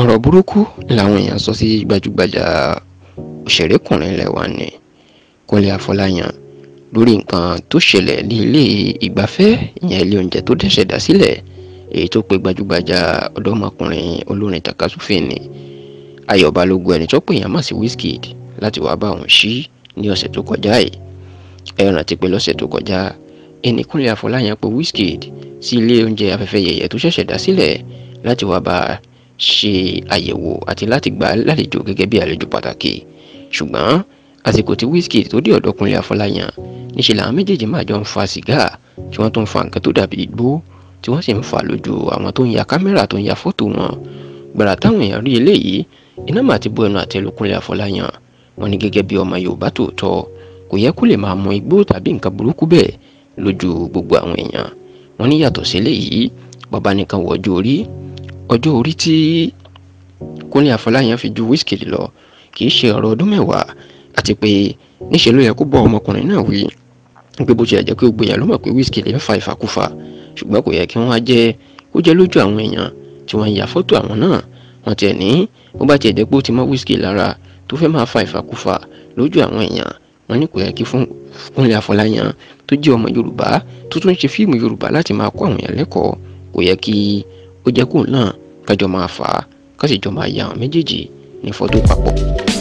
ọ̀rọ̀ burúkú làwọn èèyàn sọ sí gbajúgbajà òṣèrékùnrin ilẹ̀ wa ní Kúnlé Afọláyàn lórí nǹkan tó ṣẹlẹ̀ ní ilé ìgbafẹ́ ìyẹn ilé oúnjẹ tó dẹ̀ṣẹ̀ dá sílẹ̀ èyí tó pe gbajúgbajà ọ̀dọ́mọkùnrin olórin takasúfè ní Ayọ̀ Balógun ẹni tó pè yàn mà sí Wizkid láti wàá bá òun ṣí ní ọ̀sẹ̀ tó kọjá yìí ẹ rántí pé lọ́sẹ̀ tó kọjá ẹni Kúnlé Afọláyàn pe Wizkid sí ilé oúnjẹ afẹ́fẹ́ yẹ̀yẹ̀ tó ṣẹ̀ṣẹ̀ dá sílẹ̀ láti wàá bá ṣe àyẹ̀wò àti láti gbà á lálejò gẹ́gẹ́ bí àlejò pàtàkì ṣùgbọ́n àsìkò tí Wizkid tó dé ọ̀dọ̀ Kúnlé Afọláyàn níṣẹ́ làwọn méjèèjì máa jọ ń fa sìgá tí wọ́n tún ń fa nǹkan tó dàbí igbó tí wọ́n sì ń fa lójú àwọn tó ń ya kámẹ́rà tó ń ya fọ́tò wọn gbàrà táwọn èèyàn rí eléyìí iná màá ti bó ẹnu àtẹ́lu Kúnlé Afọláyàn wọ́n ní gẹ́gẹ́ bí ọmọ Yorùbá tòótọ́ kò yẹ kó lè máa mu igbó tàbí nǹkan burúkú bẹ́ẹ̀ lójú gbogbo àwọn èèyàn wọ́n ní yàtọ̀ sí eléyìí bàbá nìkan wọ́jú orí ọjọ́ orí tí Kúnlé Àfọláyàn fi ju Wizkid lọ kì í ṣe ọ̀rọ̀ ọdún mẹ́wàá àti pé níṣẹ́ ló yẹ kó bọ́ ọmọkùnrin náà wí pé bó ṣe jẹ́ pé gbogbo èèyàn ló mọ̀ pé Wizkid ń fa ìfàkúfà ṣùgbọ́n kò yẹ kí wọ́n á jẹ́ kó jẹ́ lójú àwọn èèyàn tí wọ́n ya fọ́tò àwọn náà wọ́n tiẹ̀ ní bó bá tiẹ̀ jẹ́ pé ó ti mọ́ Wizkid lára tó fẹ́ máa fa ìfàkúfà lójú àwọn èèyàn wọ́n ní kò yẹ kí fún Kúnlé Àfọláyàn tó jẹ́ ọmọ Yorùbá tó tún ṣe fíìmù Yorùbá láti máa kọ́ àwọn èèyàn lẹ́kọ̀ọ́ kò yẹ kí ó jẹ́ kóun náà kájọ máa fà á ká sì jọ máa ya àwọn méjèèjì ní fọ́tò papọ̀.